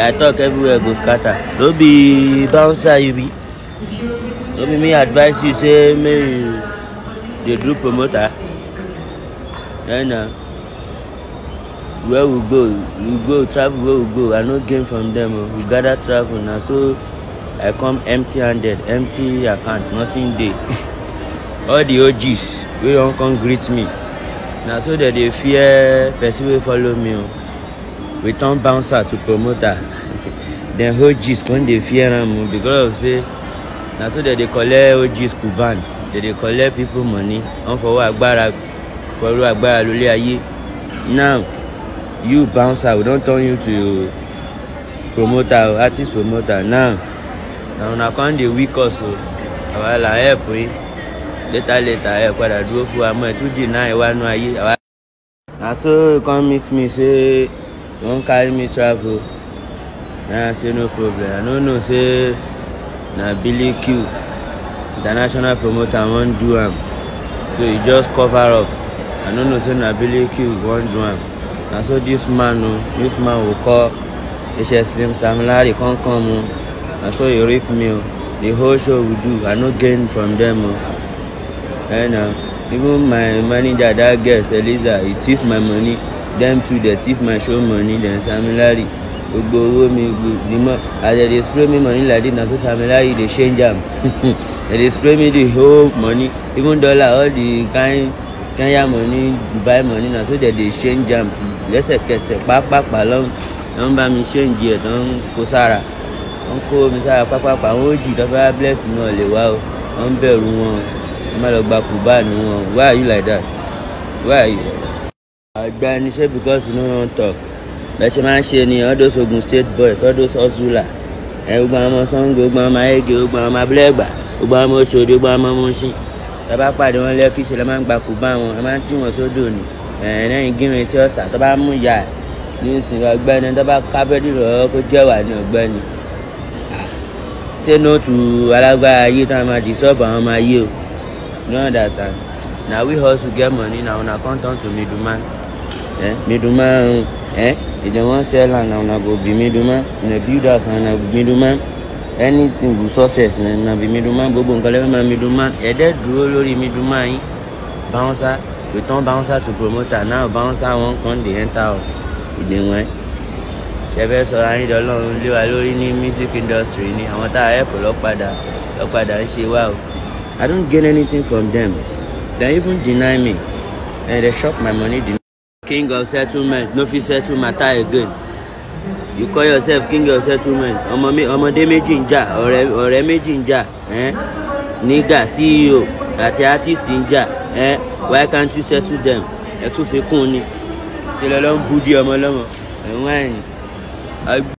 i talk everywhere go scatter no be bouncer you be Don't be me advice you say me. The group promoter yeah, na where we go we go travel where we go i no gain from them. Oh. we gather travel now. so i come empty handed empty account nothing dey all the og's wey don come greet me Now so that they fear person will follow me o. Oh we turn bouncer to promoter Then hold gist come dey fear am because of say na so dem dey collect hold gist kuban dem dey collect people money wọn fọwọ́ agbára fọwọ́ agbára lórí ayé now you bouncer we don turn you to promoter artist promoter now na una come dey weak us o àwa help yín later later ẹ padà dúró fún wa mọ ẹ tún dì náà ẹ wá nú ayé àwa. na so come meet me say. Don't carry me travel I say no problem i no know say na billy q international promoter won't do him, so he just cover up i no know say na billy q won't do him. na so this man o oh, dis man will call Slim sam oh. he can't come o na so e rip me o oh. the whole show we do i no gain from them, o eh na even my manager that girl Eliza, he thief my money Them too dey thief my show money then samilari gbogbo owó mi the more as dem dey spray me money like this na so samilari dey change am dem dey spray me the whole money even dollar all the kind kenya money dubai money na so dem dey change am to lẹ́sẹ̀kẹsẹ̀ pápápá lọ́n ń bá mi change ẹ̀ tó ń kó sára ó ń kó mi sára pápápá àwọn òjì tó bá bless mi ò lè wá o wọ́n ń bẹ̀rù wọn wọ́n má lọ gba kùbá nu wọn why are you like that why are you agbanisẹ́ because you no wan talk bẹ́sẹ̀ máa ń ṣe ni all those Ogun State boys all those hustler ẹ gbogbo àwọn ọmọ Ṣàngó gbogbo àwọn ọmọ ayége gbogbo àwọn ọmọ abúlẹ́gbà gbogbo àwọn ọmọ Òṣòdì gbogbo àwọn ọmọ Mùṣín tó bá pàdé wọn lẹ́kí ṣe lọ́ máa ń gba kù bá wọn a máa ń tì wọ́n sódò ni ẹ̀ẹ́dẹ́yìn gírin tí ọ̀sà tó bá mú ìyá ní ìsìn ọ̀gbẹ́ni tó bá kábẹ́dì rọ̀ kó jẹ́wà ní ọ̀gbẹ́ni sẹ́nọ̀tù alágbára ayé tá a máa disturb àwọn ọmọ ayé o no understand na we hustle get money na una come turn to middleman eh miduma eh if dem wan sell land na una go be miduma una build house na una be miduma anything go success na una be miduma gbogbo nǹkan lẹ́fẹ̀ẹ́ máa miduma ẹ̀dẹ́ dúró lórí miduma yín bouncer we turn bouncer to promoter now bouncer wan come dey enter us ìdèwọ̀n ṣẹfẹ́ sọ̀rọ̀ ayé dọ́lọ́run lé wa lórí ní music industry ni àwọn tá a help lọ́padà lọ́padà ń ṣe wá o I don't gain anything from them they even deny me and they chop my money deny king of settlement no fit settle matter again you call yourself king of settlement ọmọ mi ọmọdé méjì ń jà ọ̀rẹ́ ọ̀rẹ́ méjì ń jà eh? nígà ceo àti artist ń jà eh? why can't you settle them ẹ tún fi kún un ni ṣe lọ́lọ́ ń bú di ọmọ lọ́mọ ẹ̀wọ̀n ẹ̀yìn.